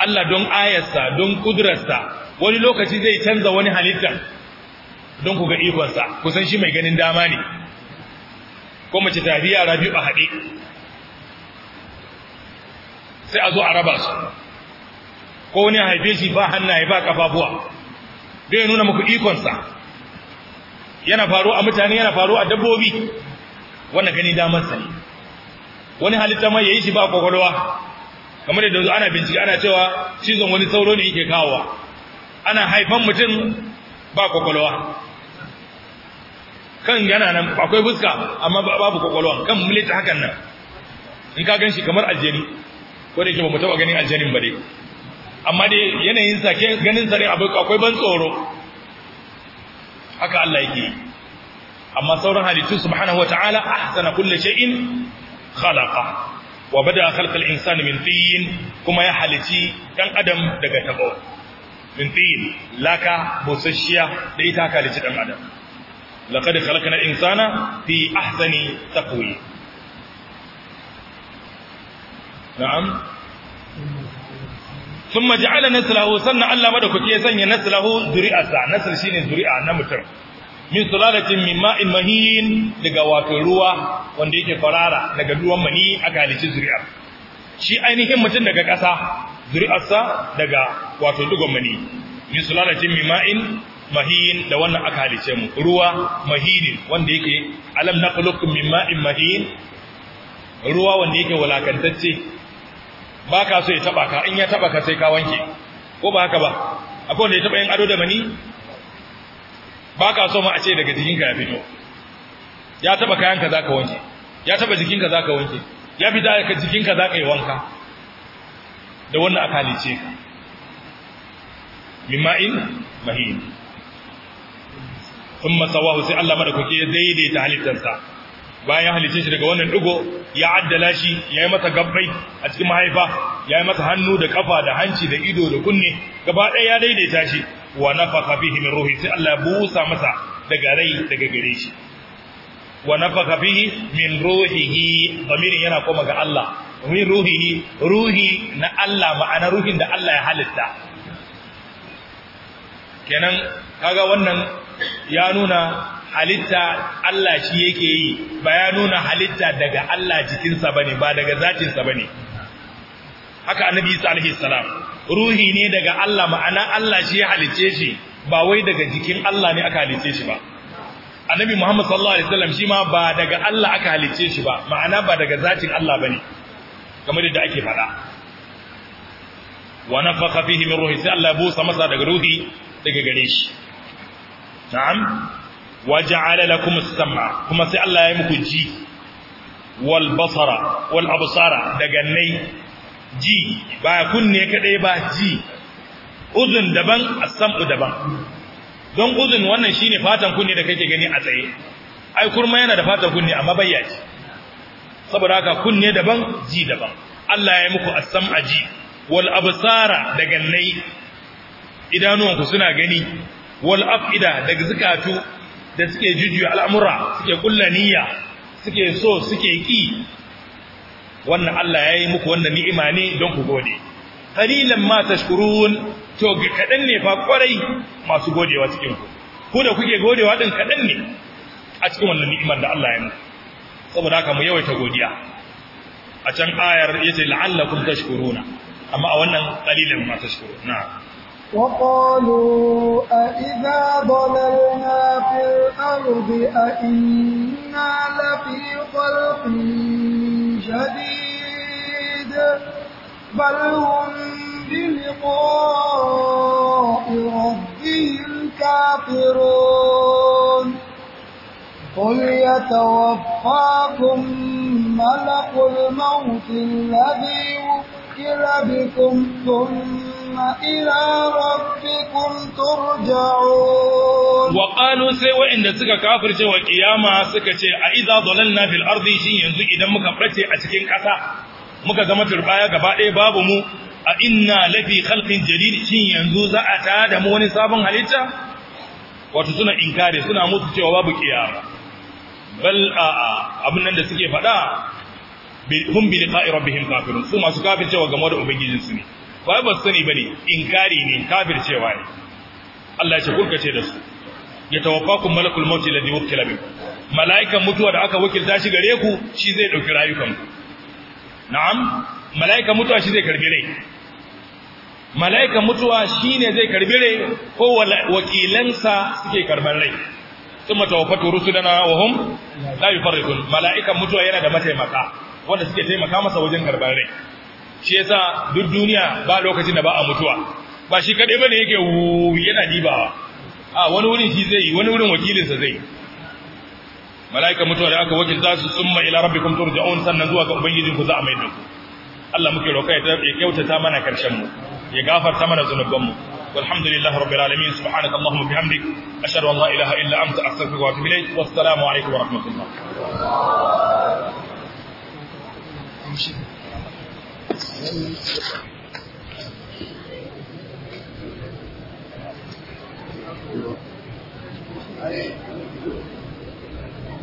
Allah don ayarsa don kudurarsa wani lokaci zai canza wani halitta don ku ga ikonsa kusan shi mai ganin dama ne ko mace ta haifi yara biyu a haɗe sai a zo a raba su ko wani haife shi ba hannaye ba kafafuwa don ya nuna muku ikonsa yana faru a mutane yana faru a dabbobi wannan gani damar sani. wani halitta mai ya yi shi ba kwakwalwa kamar da ana bincike ana cewa cizon wani sauro ne yake kawowa ana haifan mutum ba kwakwalwa kan yana nan akwai fuska amma babu kwakwalwa kan milita hakan nan in ka gan shi kamar aljani ko da yake ba mu taba ganin aljanin ba dai amma dai yanayin sa ke ganin sa dai akwai ban tsoro haka Allah yake amma sauran halittu subhanahu wataala ahsana kulli shay'in khalaqa wa bada al insani min tin kuma ya halici dan adam daga tabo min tin laka busasshiya da ita halici dan adam laqad khalaqna insana fi ahsani taqwim na'am thumma ja'ala naslahu sannan Allah madaukake ya sanya naslahu zuri'arsa nasl shine zuri'a na mutum min sulalatin min ma'in mahin daga wato ruwa wanda yake farara daga ruwan mani aka halici zuri'ar shi ainihin mutum daga ƙasa zuri'arsa daga wato dugon mani min sulalatin min ma'in mahin da wannan aka halice mu ruwa mahinin wanda yake alam nakhluqukum min ma'in mahin ruwa wanda yake walakantacce baka so ya taba ka in ya taba ka sai ka wanke ko ba haka ba akwai wanda ya taba yin ado da mani baka so ma a ce daga jikinka ya fito ya taba kayanka zaka wanke ya taba jikinka zaka wanke ya fita daga jikinka zaka yi wanka da wannan aka halice ka min ma'in mahin thumma masawahu sai Allah madaukake ya daidaita halittarsa bayan halice shi daga wannan dugo ya addala shi yayi masa gabbai a cikin mahaifa yayi masa hannu da kafa da hanci da ido da kunne gaba ɗaya ya daidaita shi wa nafakha fihi min ruhi sai Allah busa masa daga rai daga gare shi wa nafakha fihi min ruhihi yana koma ga Allah min ruhihi ruhi na Allah ma'ana ruhin da Allah ya halitta kenan kaga wannan ya nuna halitta Allah shi yake yi ba ya nuna halitta daga Allah jikinsa bane ba daga zatinsa bane haka annabi Isa alaihi ruhi ne daga Allah ma'ana Allah shi ya halice shi ba wai daga jikin Allah ne aka halice shi ba annabi Muhammad sallallahu alaihi wasallam shi ma ba daga Allah aka halice shi ba ma'ana ba daga zatin Allah bane kamar yadda ake faɗa wa nafakha fihi min ruhi sai Allah ya busa masa daga ruhi daga gare shi na'am waja'ala lakum as-sam'a kuma sai Allah ya muku ji wal basara wal abusara daga nai ji ba kunne kadai ba ji uzun daban a samu daban don uzun wannan shine fatan kunne da kake gani a tsaye ai kurma yana da fatan kunne amma bayyaci saboda haka kunne daban ji daban Allah ya yi muku a sama ji wal abusara daga nai idanuwanku suna gani wal afida daga zukatu da suke jujjuya al'amura suke kulla niyya suke so suke ki wannan Allah yayi muku wannan ni'ima ne don ku gode qalilan ma tashkurun to kadan ne fa kwarai masu godewa cikin ku ku da kuke godewa din kadan ne a cikin wannan ni'imar da Allah ya muku saboda haka mu yawaita godiya a can ayar yace la'allakum tashkuruna amma a wannan qalilan ma tashkurun na'am وقالوا أإذا ضللنا في الأرض أإنا لفي خلق جديد بل هم بلقاء ربهم كافرون قل يتوفاكم ملك الموت الذي وكل بكم ثم إلى ربكم ترجعون وقالوا سوى إن سكا كافر سوى قيامة سكا أئذا ضللنا في الأرض شيء ينزو إذا مكبرتي أتكين كسا muka zama turbaya gaba ɗaya babu mu a inna lafi khalqin jadid shin yanzu za a tada mu wani sabon halitta wato suna inkari suna mutu cewa babu kiyama bal a abin nan da suke faɗa hum bi liqa'i rabbihim kafirun su masu kafircewa game da ubangijin su ne ba ba sani bane inkari ne cewa ne Allah ya ce ce da su ya tawaffakum malakul maut alladhi wukila bikum malaikan mutuwa da aka wakilta shi gare ku shi zai dauki rayukan ku na'am malaikan mutuwa shi zai karbi rai malaikan mutuwa shine zai karbi rai ko wakilansa suke karban rai kuma tawaffatu rusulana wa hum la yufarriqun malaikan mutuwa yana da mataimaka wanda suke taimaka masa wajen karban rai shi yasa duk duniya ba lokacin da ba a mutuwa ba shi kadai bane yake yana dibawa a wani wurin shi zai wani wurin wakilinsa zai mala'ika mutuwa da aka za su summa ila rabbikum turja'un sannan zuwa ga ubangijin ku za a mai ku Allah muke roƙa ya kyautata mana karshen mu ya gafarta mana zunuban mu walhamdulillahi rabbil alamin subhanaka allahumma bihamdik ashhadu an la ilaha illa anta astaghfiruka wa atubu ilayk wassalamu alaikum wa rahmatullah Thank you.